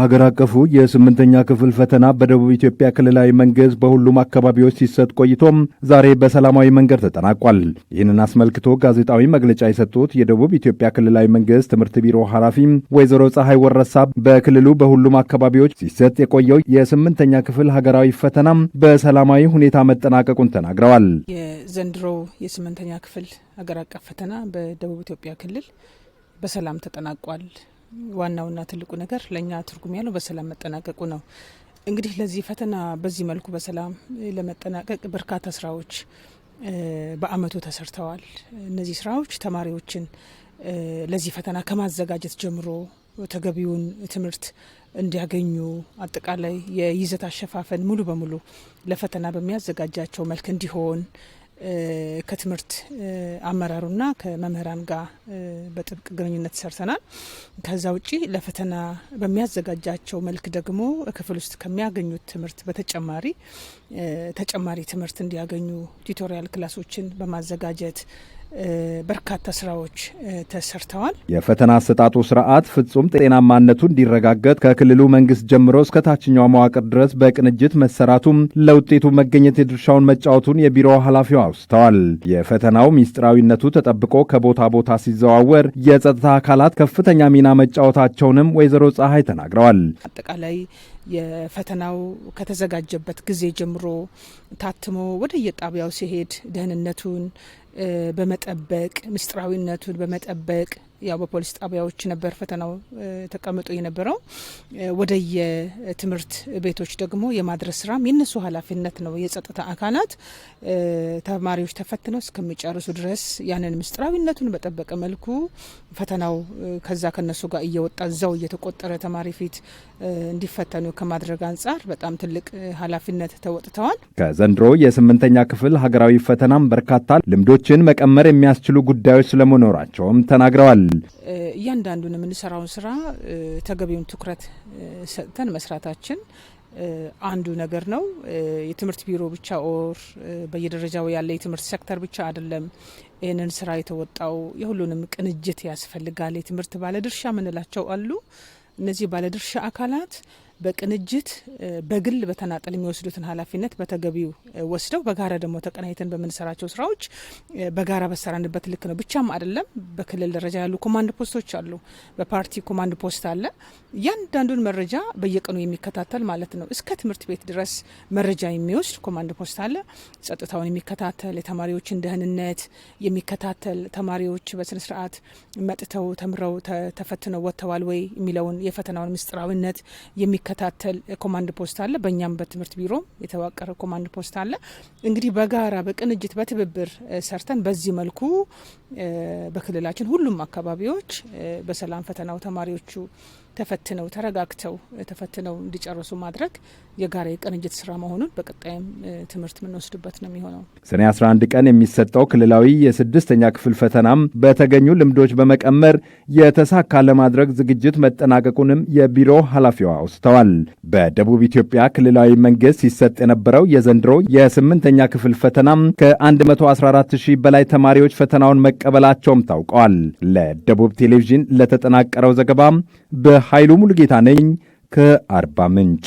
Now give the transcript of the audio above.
ሀገር አቀፉ የስምንተኛ ክፍል ፈተና በደቡብ ኢትዮጵያ ክልላዊ መንግስት በሁሉም አካባቢዎች ሲሰጥ ቆይቶም ዛሬ በሰላማዊ መንገድ ተጠናቋል። ይህንን አስመልክቶ ጋዜጣዊ መግለጫ የሰጡት የደቡብ ኢትዮጵያ ክልላዊ መንግስት ትምህርት ቢሮ ኃላፊ ወይዘሮ ፀሐይ ወረሳ በክልሉ በሁሉም አካባቢዎች ሲሰጥ የቆየው የስምንተኛ ክፍል ሀገራዊ ፈተና በሰላማዊ ሁኔታ መጠናቀቁን ተናግረዋል። የዘንድሮ የስምንተኛ ክፍል ሀገር አቀፍ ፈተና በደቡብ ኢትዮጵያ ክልል በሰላም ተጠናቋል ዋናውና ትልቁ ነገር ለእኛ ትርጉም ያለው በሰላም መጠናቀቁ ነው። እንግዲህ ለዚህ ፈተና በዚህ መልኩ በሰላም ለመጠናቀቅ በርካታ ስራዎች በአመቱ ተሰርተዋል። እነዚህ ስራዎች ተማሪዎችን ለዚህ ፈተና ከማዘጋጀት ጀምሮ ተገቢውን ትምህርት እንዲያገኙ አጠቃላይ የይዘት አሸፋፈን ሙሉ በሙሉ ለፈተና በሚያዘጋጃቸው መልክ እንዲሆን ከትምህርት አመራሩና ከመምህራን ጋር በጥብቅ ግንኙነት ሰርተናል። ከዛ ውጪ ለፈተና በሚያዘጋጃቸው መልክ ደግሞ ክፍል ውስጥ ከሚያገኙት ትምህርት በተጨማሪ ተጨማሪ ትምህርት እንዲያገኙ ቱቶሪያል ክላሶችን በማዘጋጀት በርካታ ስራዎች ተሰርተዋል። የፈተና አሰጣጡ ስርዓት ፍጹም ጤናማነቱ እንዲረጋገጥ ከክልሉ መንግስት ጀምሮ እስከ ታችኛው መዋቅር ድረስ በቅንጅት መሰራቱም ለውጤቱ መገኘት የድርሻውን መጫወቱን የቢሮ ኃላፊው አውስተዋል። የፈተናው ሚስጥራዊነቱ ተጠብቆ ከቦታ ቦታ ሲዘዋወር የጸጥታ አካላት ከፍተኛ ሚና መጫወታቸውንም ወይዘሮ ፀሐይ ተናግረዋል። አጠቃላይ የፈተናው ከተዘጋጀበት ጊዜ ጀምሮ ታትሞ ወደ የጣቢያው ሲሄድ ደህንነቱን በመጠበቅ ምስጢራዊነቱን በመጠበቅ ያው በፖሊስ ጣቢያዎች ነበር ፈተናው ተቀምጦ የነበረው። ወደየ ትምህርት ቤቶች ደግሞ የማድረስ ስራም የነሱ ኃላፊነት ነው። የጸጥታ አካላት ተማሪዎች ተፈትነው እስከሚጨርሱ ድረስ ያንን ምስጢራዊነቱን በጠበቀ መልኩ ፈተናው ከዛ ከነሱ ጋር እየወጣ እዛው እየተቆጠረ ተማሪ ፊት እንዲፈተኑ ከማድረግ አንጻር በጣም ትልቅ ኃላፊነት ተወጥተዋል። ከዘንድሮ የስምንተኛ ክፍል ሀገራዊ ፈተናም በርካታ ልምዶች ወጪዎችን መቀመር የሚያስችሉ ጉዳዮች ስለመኖራቸውም ተናግረዋል። እያንዳንዱን የምንሰራውን ስራ ተገቢውን ትኩረት ሰጥተን መስራታችን አንዱ ነገር ነው። የትምህርት ቢሮ ብቻ ኦር በየደረጃው ያለ የትምህርት ሴክተር ብቻ አይደለም ይህንን ስራ የተወጣው። የሁሉንም ቅንጅት ያስፈልጋል። የትምህርት ባለድርሻ ምንላቸው አሉ። እነዚህ ባለድርሻ አካላት በቅንጅት በግል በተናጠል የሚወስዱትን ኃላፊነት በተገቢው ወስደው በጋራ ደግሞ ተቀናይተን በምንሰራቸው ስራዎች በጋራ በሰራንበት ልክ ነው። ብቻም አይደለም። በክልል ደረጃ ያሉ ኮማንድ ፖስቶች አሉ። በፓርቲ ኮማንድ ፖስት አለ። እያንዳንዱን መረጃ በየቀኑ የሚከታተል ማለት ነው። እስከ ትምህርት ቤት ድረስ መረጃ የሚወስድ ኮማንድ ፖስት አለ። ጸጥታውን የሚከታተል የተማሪዎችን ደህንነት የሚከታተል ተማሪዎች በስነስርዓት መጥተው ተምረው ተፈትነው ወጥተዋል ወይ የሚለውን የፈተናውን ምስጢራዊነት የሚከ የሚከታተል ኮማንድ ፖስት አለ። በእኛም በትምህርት ቢሮ የተዋቀረ ኮማንድ ፖስት አለ። እንግዲህ በጋራ በቅንጅት በትብብር ሰርተን በዚህ መልኩ በክልላችን ሁሉም አካባቢዎች በሰላም ፈተናው ተማሪዎቹ ተፈትነው ተረጋግተው ተፈትነው እንዲጨርሱ ማድረግ የጋራ የቅንጅት ስራ መሆኑን በቀጣይም ትምህርት የምንወስድበት ነው የሚሆነው። ሰኔ 11 ቀን የሚሰጠው ክልላዊ የስድስተኛ ክፍል ፈተናም በተገኙ ልምዶች በመቀመር የተሳካ ለማድረግ ዝግጅት መጠናቀቁንም የቢሮ ኃላፊዋ አውስተዋል። በደቡብ ኢትዮጵያ ክልላዊ መንግስት ሲሰጥ የነበረው የዘንድሮ የስምንተኛ ክፍል ፈተናም ከ114 ሺህ በላይ ተማሪዎች ፈተናውን መቀ መቀበላቸውም ታውቀዋል። ለደቡብ ቴሌቪዥን ለተጠናቀረው ዘገባ በኃይሉ ሙሉጌታ ነኝ ከአርባ ምንጭ